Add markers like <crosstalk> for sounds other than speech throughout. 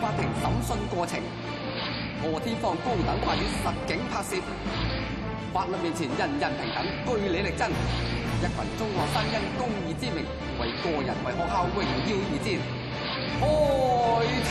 法庭審訊過程，何天放高等法院實景拍攝。法律面前人人平等，據理力爭。一群中學生因公義之名，為個人為學校榮耀而戰。開庭。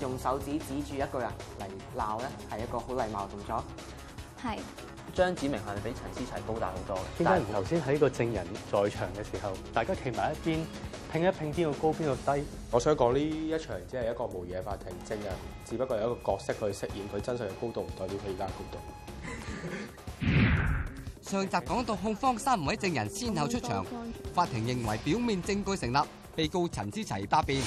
用手指指住一,一個人嚟鬧咧，係一個好禮貌嘅動作是。係。張子明係比陳思齊高大好多嘅。但係頭先喺個證人在場嘅時候，大家企埋一邊，拼一拼邊個高邊個低。我想講呢一場只係一個模擬嘅法庭證人，只不過有一個角色去飾演，佢真實嘅高度唔代表佢而家高度。高度 <laughs> 上集講到控方三位證人先後出場，法庭認為表面證據成立，被告陳思齊答辯。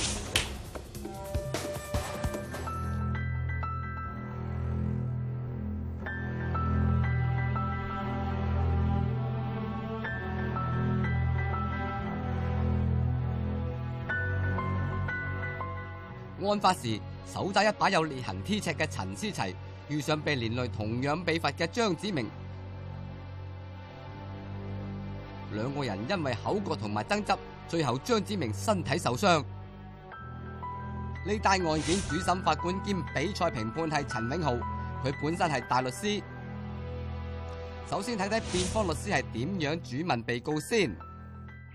案發時，手揸一把有裂痕 T 尺嘅陳思齊遇上被連累同樣被罰嘅張子明，兩個人因為口角同埋爭執，最後張子明身體受傷。呢單 <music> 案件主審法官兼比賽評判係陳永豪，佢本身係大律師。首先睇睇辯方律師係點樣主問被告先。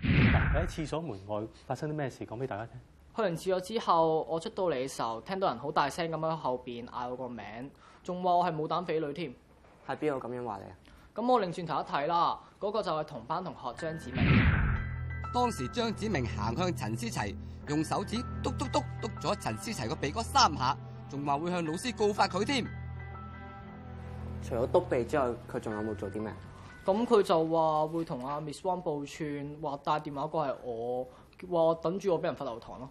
喺廁所門外發生啲咩事，講俾大家聽。去完廁所之後，我出到嚟嘅時候，聽到人好大聲咁喺後面嗌我個名，仲話我係冇膽肥女添。係邊個咁樣話你啊？咁我擰轉頭一睇啦，嗰、那個就係同班同學張子明。當時張子明行向陳思齊，用手指篤篤篤篤咗陳思齊個鼻嗰三下，仲話會向老師告發佢添。除咗督鼻之外，佢仲有冇做啲咩？咁佢就話會同阿 Miss Wong 報串，話帶電話個係我，話等住我俾人發留堂咯。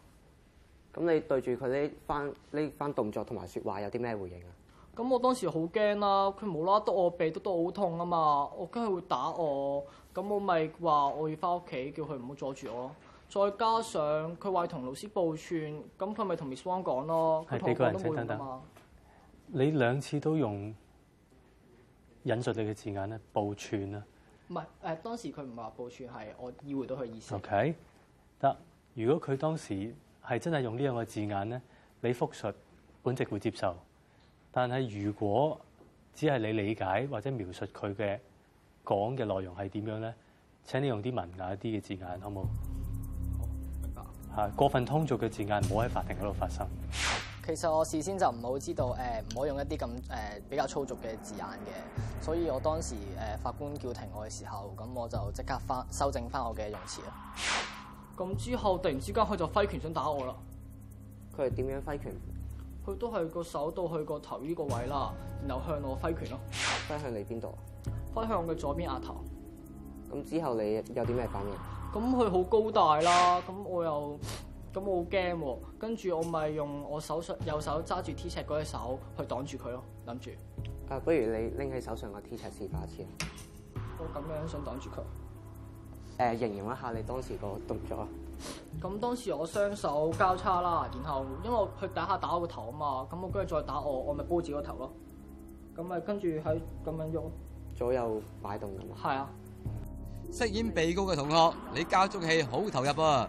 咁你對住佢呢番呢番動作同埋說話有啲咩回應啊？咁我當時好驚啦，佢冇啦啦剁我鼻，剁到好痛啊嘛！我驚佢會打我，咁我咪話我要翻屋企，叫佢唔好阻住我咯。再加上佢話同老師報串，咁佢咪同 Miss Wang 講咯。啊，佢同我講都冇啊嘛。你兩次都用引述你嘅字眼咧，報串啊？唔係，誒、呃、當時佢唔話報串，係我意會到佢意思。OK，得。如果佢當時係真係用呢樣嘅字眼咧，你複述，本席會接受。但係如果只係你理解或者描述佢嘅講嘅內容係點樣咧？請你用啲文雅啲嘅字眼，好唔好？好明白。係，過分通俗嘅字眼唔好喺法庭嗰度發生。其實我事先就唔好知道，誒唔好用一啲咁誒比較粗俗嘅字眼嘅，所以我當時誒、呃、法官叫停我嘅時候，咁我就即刻翻修正翻我嘅用詞啦。咁之後，突然之間，佢就揮拳想打我啦。佢係點樣揮拳？佢都係個手到去個頭呢個位啦，然後向我揮拳咯。啊，揮向你邊度？揮向我嘅左邊額頭。咁之後你有啲咩反應？咁佢好高大啦，咁我又咁我好驚喎。跟住我咪用我手上右手揸住鐵尺嗰隻手去擋住佢咯，諗住。啊，不如你拎起手上個鐵尺試下先。我咁樣想擋住佢。誒、呃，形容一下你當時個動作。咁當時我雙手交叉啦，然後因為佢打下打我個頭啊嘛，咁我跟住再打我，我咪煲住自己個頭咯。咁咪跟住喺咁樣喐，左右擺動咁啊。係啊。飾演被告嘅同學，你交足戲好投入啊。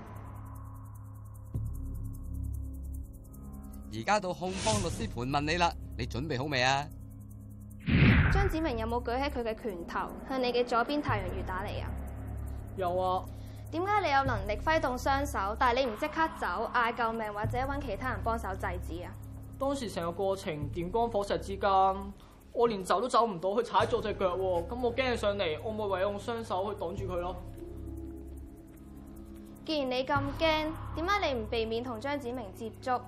而家到控方律師盤問你啦，你準備好未啊？張子明有冇舉起佢嘅拳頭向你嘅左邊太陽穴打嚟啊？有啊。點解你有能力揮動雙手，但係你唔即刻走，嗌救命或者搵其他人幫手制止啊？當時成個過程電光火石之間，我連走都走唔到，去踩左隻腳咁，我驚佢上嚟，我咪唯有用雙手去擋住佢咯。既然你咁驚，點解你唔避免同張子明接觸？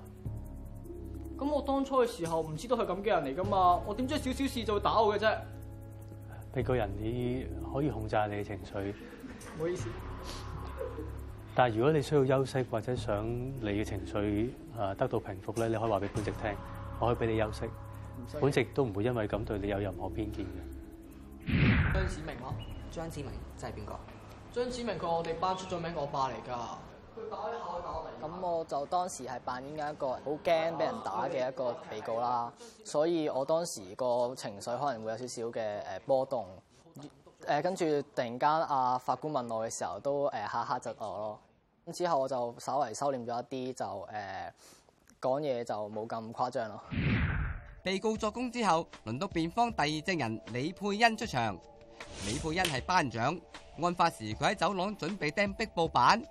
咁我當初嘅時候唔知道係咁嘅人嚟噶嘛？我點知少少事就會打我嘅啫？你個人你可以控制你嘅情緒。唔好意思。但係如果你需要休息或者想你嘅情緒誒得到平復咧，你可以話俾本席聽，我可以俾你休息。不用 本席都唔會因為咁對你有任何偏見嘅。張子明嗬，張子明即係邊個？張子明佢我哋班出咗名惡霸嚟㗎。佢打一下我嚟㗎。咁我就當時係扮演緊一個好驚俾人打嘅一個被告啦，所以我當時個情緒可能會有少少嘅誒波動。誒跟住突然間啊，法官問我嘅時候都誒嚇嚇窒我咯。咁之後我就稍微收斂咗一啲，就誒講嘢就冇咁誇張咯。被告作供之後，輪到辯方第二證人李佩恩出場。李佩恩係班長，案發時佢喺走廊準備釘壁報板。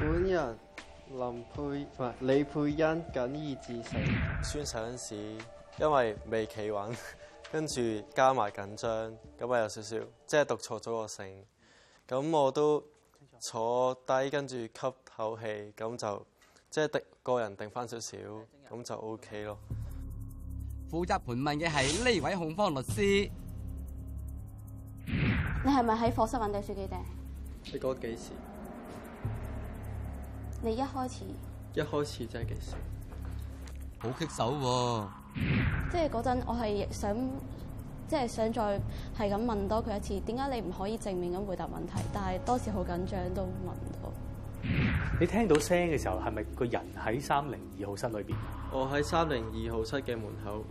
本人林佩唔係李佩恩，謹以至死。宣誓嗰陣時，因為未企穩。 <laughs> 跟住加埋緊張，咁啊有少少，即、就、係、是、讀錯咗個姓。咁我都坐低，跟住吸口氣，咁就即係定個人定翻少少，咁就 O K 咯。負責盤問嘅係呢位控方律師，你係咪喺課室揾定書記定？你講幾時？你一開始？一開始真係幾時？好棘手喎，啊！即係嗰陣，我係想，即係想再係咁問多佢一次，點解你唔可以正面咁回答問題？但係當時好緊張，都問唔到。你聽到聲嘅時候，係咪個人喺三零二號室裏邊？我喺三零二號室嘅門口。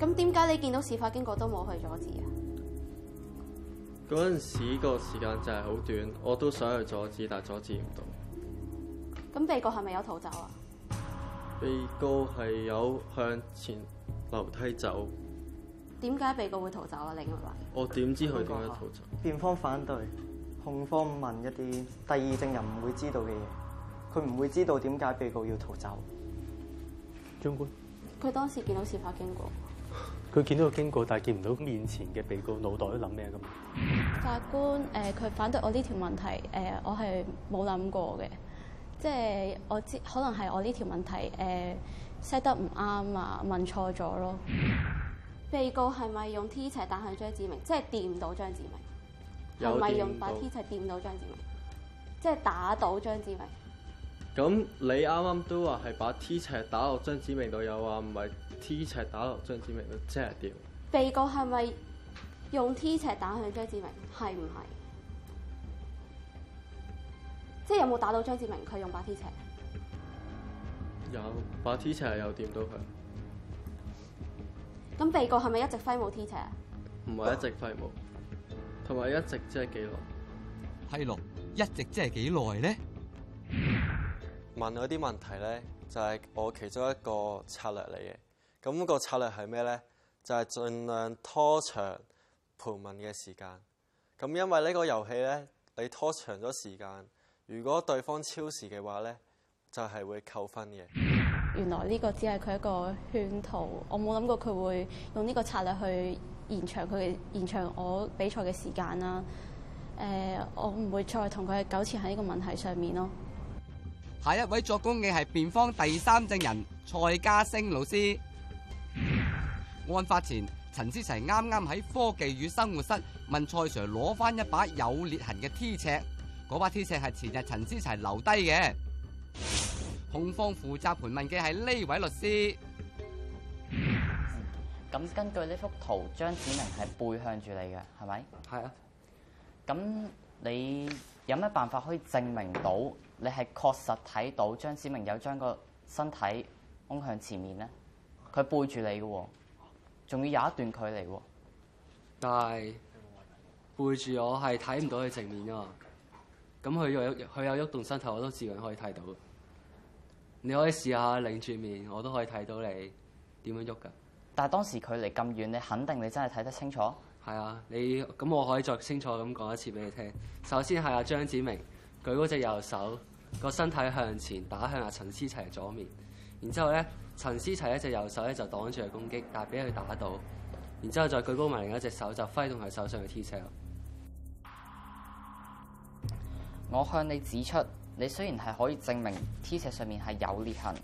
咁點解你見到事發經過都冇去阻止啊？嗰陣時個時間就係好短，我都想去阻止，但係阻止唔到。咁被告係咪有逃走啊？被告係有向前樓梯走。點解被告會逃走啊？另外，我點知佢點樣逃走啊？辯方反對，控方問一啲第二證人唔會知道嘅嘢，佢唔會知道點解被告要逃走。主官，佢當時見到事發經過，佢見到個經過，但係見唔到面前嘅被告腦袋諗咩嘅問題？法官，誒、呃，佢反對我呢條問題，誒、呃，我係冇諗過嘅。即係我知，可能係我呢條問題誒 set、呃、得唔啱啊，問錯咗咯。被告係咪用 T 尺打向張子明？即係掂到張子明，係咪用把 T 尺掂到張子明？即係打到張子明。咁你啱啱都話係把 T 尺打落張子明度，又話，唔係 T 尺打落張子明度即係掂。被告係咪用 T 尺打向張子明？係唔係？即係有冇打到張子明？佢用把 T 尺？有把 T 尺，又掂到佢，咁被告係咪一直揮舞 T 尺？唔係一直揮舞。同埋、啊、一直即係幾耐係咯？一直即係幾耐咧？問嗰啲問題咧，就係、是、我其中一個策略嚟嘅。咁、那個策略係咩咧？就係、是、盡量拖長盤問嘅時間。咁因為個遊戲呢個遊戲咧，你拖長咗時間。如果對方超時嘅話咧，就係會扣分嘅。原來呢個只係佢一個圈套，我冇諗過佢會用呢個策略去延長佢嘅延長我比賽嘅時間啦。誒、呃，我唔會再同佢糾纏喺呢個問題上面咯。下一位作供嘅係辯方第三證人蔡家升老師。案發前，陳思齊啱啱喺科技與生活室問蔡 sir 攞翻一把有裂痕嘅 T 尺。嗰把鐵石係前日陳思齊留低嘅。控方負責盤問嘅係呢位律師。咁根據呢幅圖，張子明係背向住你嘅，係咪？係啊。咁你有咩辦法可以證明到你係確實睇到張子明有將個身體拱向前面咧？佢背住你嘅，仲要有一段距離。但係背住我係睇唔到佢正面啊。咁佢有佢有喐動，動身體，我都自然可以睇到。你可以試下擰住面，我都可以睇到你點樣喐㗎。但係當時佢離咁遠，你肯定你真係睇得清楚。係啊，你咁我可以再清楚咁講一次俾你聽。首先係阿張子明舉嗰隻右手，個身體向前打向阿陳思齊左面。然之後咧，陳思齊一隻右手咧就擋住佢攻擊，但係俾佢打到。然之後再舉高埋另一隻手，就揮動佢手上嘅鐵錘。我向你指出，你雖然係可以證明 T 尺上面係有裂痕，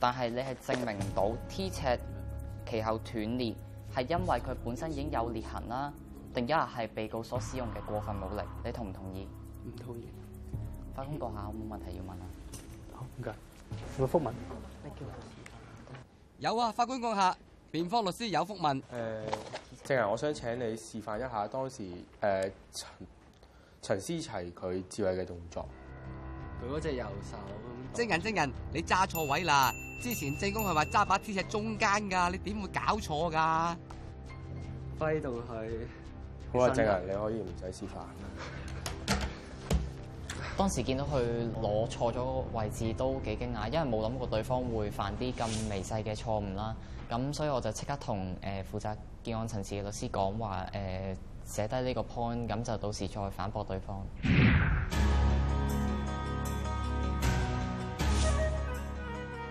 但係你係證明唔到 T 尺其後斷裂係因為佢本身已經有裂痕啦，定一係係被告所使用嘅過分武力？你同唔同意？唔同意。法官閣下，有冇問題要問啊？好，唔該，有冇覆問？Thank you. 有啊，法官閣下，辯方律師有覆問。誒、呃，證人，我想請你示範一下當時誒、呃陳思齊佢招喎嘅動作，佢嗰隻右手，證人證人，嗯、你揸錯位啦！之前證供係話揸把鐵尺中間㗎，你點會搞錯㗎？揮到去，好啊，證人，你可以唔使示範。當時見到佢攞錯咗位置都幾驚訝，因為冇諗過對方會犯啲咁微細嘅錯誤啦。咁所以我就即刻同誒、呃、負責檢案陳詞嘅律師講話誒。呃寫低呢個 point，咁就到時再反駁對方。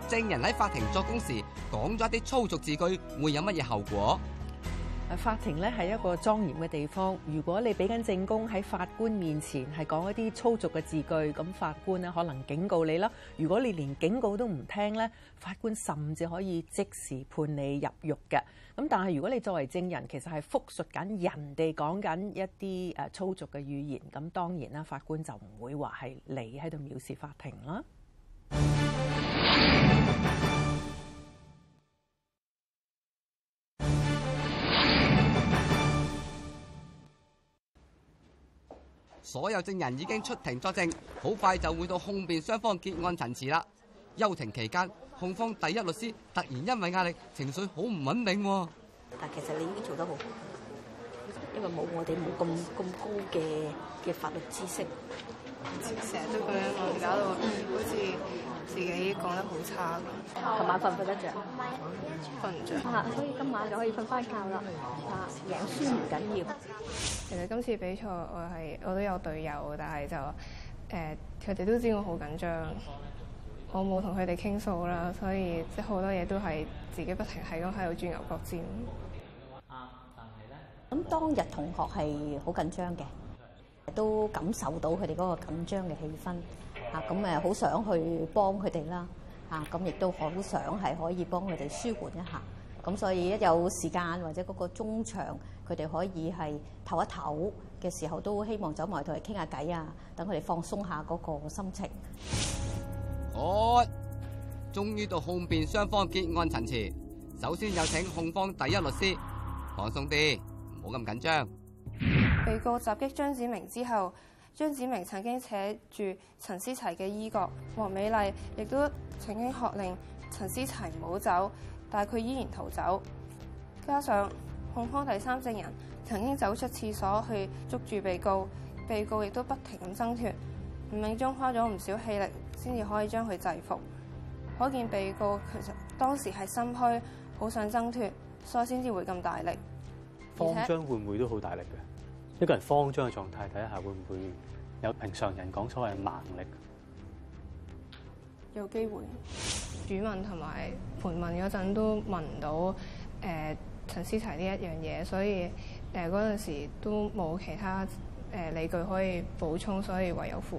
證人喺法庭作供時講咗一啲粗俗字句，會有乜嘢後果？法庭咧係一個莊嚴嘅地方，如果你俾緊證供喺法官面前係講一啲粗俗嘅字句，咁法官咧可能警告你啦。如果你連警告都唔聽呢，法官甚至可以即時判你入獄嘅。咁但係如果你作為證人，其實係複述緊人哋講緊一啲誒粗俗嘅語言，咁當然啦，法官就唔會話係你喺度藐視法庭啦。 <music> 所有證人已經出庭作證，好快就會到控辯雙方結案陳詞啦。休庭期間，控方第一律師突然因為壓力，情緒好唔穩定。但其實你已經做得好，因為冇我哋冇咁咁高嘅嘅法律知識。成日都咁樣，搞到好似自己講得好差咁。琴晚瞓唔瞓得着，瞓唔着，啊，所以今晚就可以瞓翻覺啦。啊，贏輸唔緊要。其實今次比賽我係我都有隊友，但係就誒佢哋都知我好緊張，我冇同佢哋傾訴啦，所以即係好多嘢都係自己不停喺咁喺度轉牛角尖。啊，但係咧？咁當日同學係好緊張嘅。都感受到佢哋嗰個緊張嘅氣氛，啊，咁誒好想去幫佢哋啦，啊，咁亦都好想係可以幫佢哋舒緩一下，咁所以一有時間或者嗰個中場，佢哋可以係唞一唞嘅時候，都希望走埋同佢傾下偈啊，等佢哋放鬆下嗰個心情。好，終於到控辯雙方結案陳詞，首先有請控方第一律師，放鬆啲，唔好咁緊張。被告襲擊張子明之後，張子明曾經扯住陳思齊嘅衣角，王美麗亦都曾經喝令陳思齊唔好走，但係佢依然逃走。加上控方第三證人曾經走出廁所去捉住被告，被告亦都不停咁掙脱，吳永忠花咗唔少氣力先至可以將佢制服，可見被告其實當時係心虛，好想掙脱，所以先至會咁大力。而且會唔會都好大力嘅？一個人慌張嘅狀態底下，睇下會唔會有平常人講所謂嘅盲力？有機會，主問同埋盤問嗰陣都問到誒陳、呃、思齊呢一樣嘢，所以誒嗰陣時都冇其他誒、呃、理據可以補充，所以唯有負。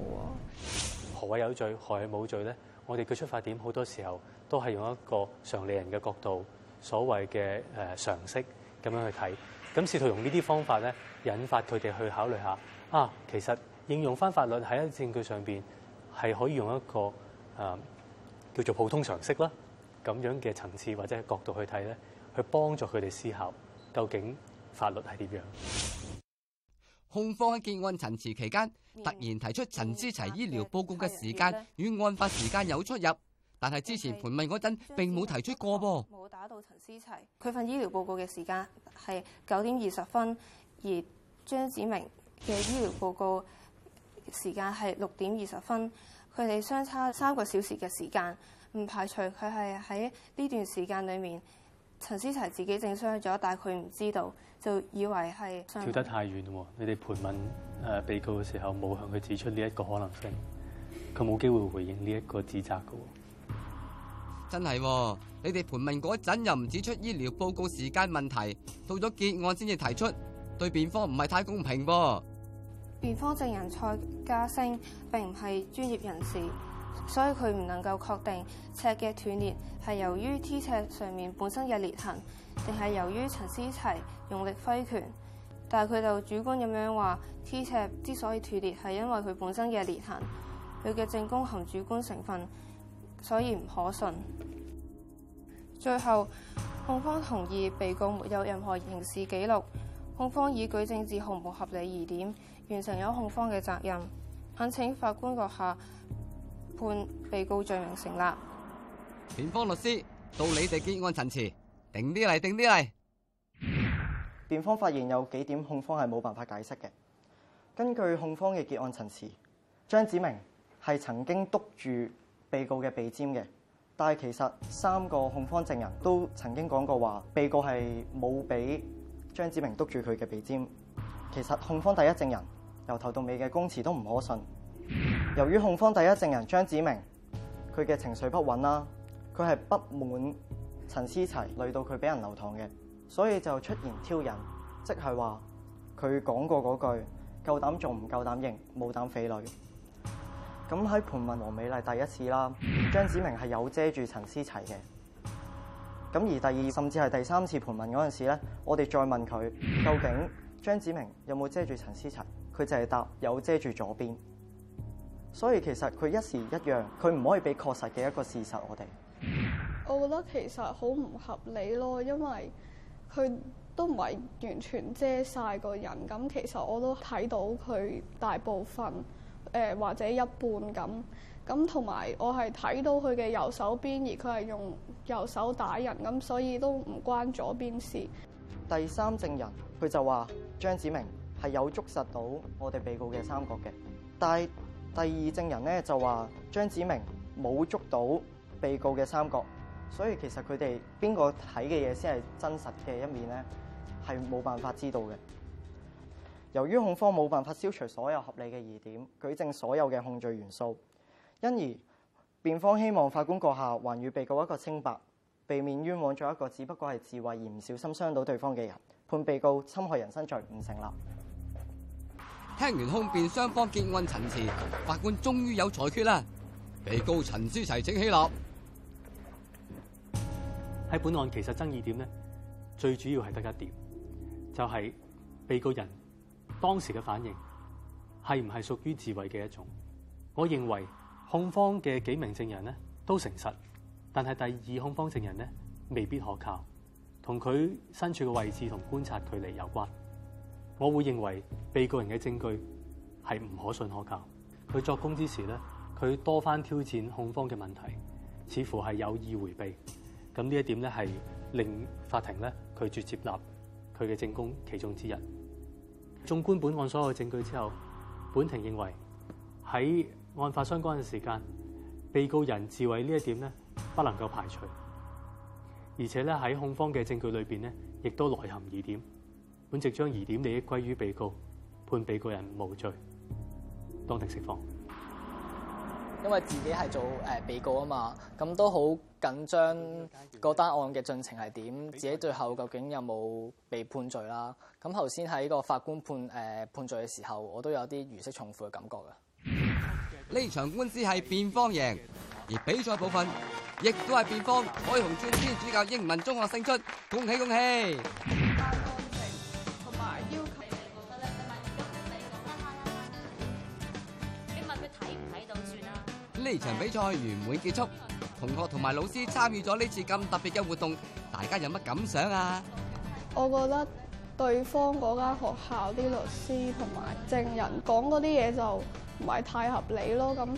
何謂有罪？何謂冇罪咧？我哋嘅出發點好多時候都係用一個常理人嘅角度，所謂嘅誒常識咁樣去睇。咁試圖用呢啲方法咧，引發佢哋去考慮下啊，其實應用翻法律喺證據上邊，係可以用一個、啊、叫做普通常識啦，咁樣嘅層次或者角度去睇咧，去幫助佢哋思考究竟法律係點樣。控方喺結案陳詞期間，突然提出陳思齊醫療報告嘅時間與案發時間有出入。但係之前盤問嗰陣並冇提出過噃，冇打到陳思齊。佢份醫療報告嘅時間係九點二十分，而張子明嘅醫療報告時間係六點二十分，佢哋相差三個小時嘅時間，唔排除佢係喺呢段時間裏面陳思齊自己正傷咗，但係佢唔知道，就以為係跳得太遠咯。你哋盤問誒被告嘅時候，冇向佢指出呢一個可能性，佢冇機會回應呢一個指責嘅。真係，哦，你哋盤問嗰陣又唔指出醫療報告時間問題，到咗結案先至提出，對辯方唔係太公平噃。辯方證人蔡家升並唔係專業人士，所以佢唔能夠確定尺嘅斷裂係由於 T 尺上面本身嘅裂痕，定係由於陳思齊用力揮拳。但係佢就主觀咁樣話，T 尺之所以斷裂係因為佢本身嘅裂痕，佢嘅證供含主觀成分。所以唔可信。最後，控方同意被告沒有任何刑事記錄，控方以舉證至毫無合理疑點，完成咗控方嘅責任。懇請法官閣下判被告罪名成立。辯方律師，到你哋結案陳詞，定啲嚟，定啲嚟。辯方發現有幾點控方係冇辦法解釋嘅。根據控方嘅結案陳詞，張子明係曾經督住，被告嘅鼻尖嘅，但係其實三個控方證人都曾經講過話，被告係冇俾張子明篤住佢嘅鼻尖。其實控方第一證人由頭到尾嘅供詞都唔可信。由於控方第一證人張子明佢嘅情緒不穩啦，佢係不滿陳思齊累到佢俾人留堂嘅，所以就出言挑釁，即係話，佢講過嗰句夠膽做，唔夠膽認，冇膽肥女。咁喺盤問黃美麗第一次啦，張子明係有遮住陳思齊嘅。咁而第二甚至係第三次盤問嗰陣時咧，我哋再問佢究竟張子明有冇遮住陳思齊，佢就係答有遮住左邊。所以其實佢一時一樣，佢唔可以俾確實嘅一個事實我哋。我覺得其實好唔合理咯，因為佢都唔係完全遮晒個人。咁其實我都睇到佢大部分。呃、或者一半咁，咁同埋我係睇到佢嘅右手邊，而佢係用右手打人，咁所以都唔關咗邊事。第三證人佢就話張子明係有捉實到我哋被告嘅三角嘅，但係第二證人咧就話張子明冇捉到被告嘅三角，所以其實佢哋邊個睇嘅嘢先係真實嘅一面咧，係冇辦法知道嘅。由於控方冇辦法消除所有合理嘅疑點，舉證所有嘅控罪元素，因而辯方希望法官閣下還予被告一個清白，避免冤枉咗一個只不過係自衞而唔小心傷到對方嘅人，判被告侵害人身罪唔成立。聽完控辯雙方結案陳詞，法官終於有裁決啦。被告陳思齊請起立。喺本案其實爭議點呢，最主要係得一點，就係、是、被告人，當時嘅反應係唔係屬於自衞嘅一種？我認為控方嘅幾名證人咧都誠實，但係第二控方證人咧未必可靠，同佢身處嘅位置同觀察距離有關。我會認為被告人嘅證據係唔可信可靠。佢作供之時咧，佢多番挑戰控方嘅問題，似乎係有意迴避。咁呢一點咧係令法庭咧拒絕接納佢嘅證供其中之一。縱觀本案所有證據之後，本庭認為喺案發相關嘅時間，被告人自衛呢一點咧不能夠排除，而且咧喺控方嘅證據裏邊咧亦都內含疑點，本席將疑點利益歸於被告，判被告人無罪，當庭釋放。因為自己係做、呃、被告啊嘛，咁都好緊張個單案嘅進程係點，自己最後究竟有冇被判罪啦？咁頭先喺個法官判、呃、判罪嘅時候，我都有啲如釋重負嘅感覺嘅。呢場官司係辯方贏，而比賽部分亦都係辯方彩虹邨天主教英文中學勝出，恭喜恭喜！呢場比賽圓滿結束，同學同埋老師參與咗呢次咁特別嘅活動，大家有乜感想啊？我覺得對方嗰間學校啲律師同埋證人講嗰啲嘢就唔係太合理咯。咁、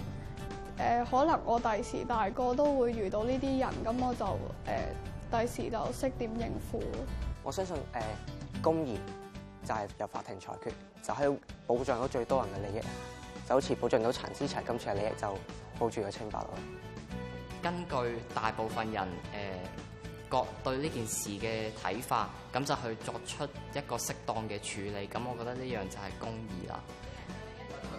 呃、可能我第時大個都會遇到呢啲人，咁我就呃、第時就識點應付。我相信、呃、公義就係由法庭裁決，就係保障到最多人嘅利益。就好似保障到陳思齊今次嘅利益就保住個清白咯。根據大部分人誒覺、呃、對呢件事嘅睇法，咁就去作出一個適當嘅處理。咁我覺得呢樣就係公義啦。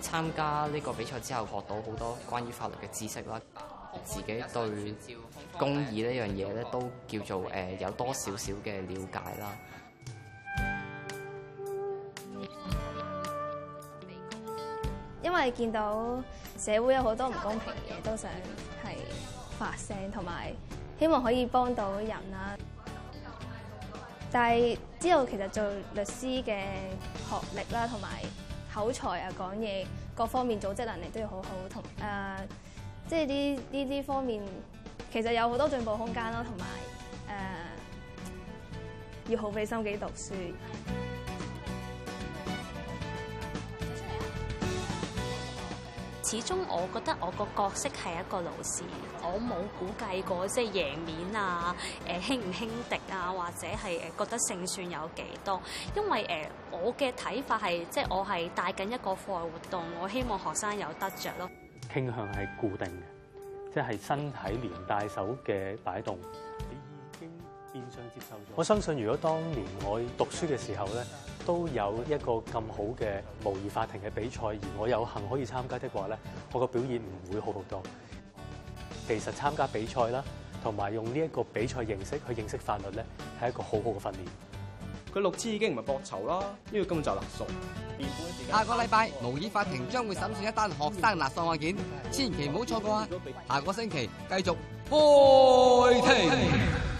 參加呢個比賽之後，學到好多關於法律嘅知識啦。自己對公義呢樣嘢咧，都叫做誒、呃、有多少少嘅了解啦。因為見到社會有好多唔公平嘅嘢，都想係發聲，同埋希望可以幫到人啦。但係之後，其實做律師嘅學歷啦，同埋口才啊、講嘢各方面組織能力都要好好，同、呃、誒，即係呢呢啲方面，其實有好多進步空間咯，同埋誒，要好俾心機讀書。始終我覺得我個角色係一個老師，我冇估計過即係贏面啊，誒輕唔輕敵啊，或者係誒覺得勝算有幾多？因為誒我嘅睇法係即係我係帶緊一個課外活動，我希望學生有得着咯。傾向係固定嘅，即係身體連帶手嘅擺動。你已經變相接受咗。我相信如果當年我讀書嘅時候咧。都有一個咁好嘅模擬法庭嘅比賽，而我有幸可以參加的話咧，我個表演唔會好好多。其實參加比賽啦，同埋用呢一個比賽形式去認識法律咧，係一個很好好嘅訓練。佢六次已經唔係博籌啦，呢個根本就垃圾。下個禮拜模擬法庭將會審訊一單學生勒索案件，千祈唔好錯過啊！下個星期繼續開庭。開庭。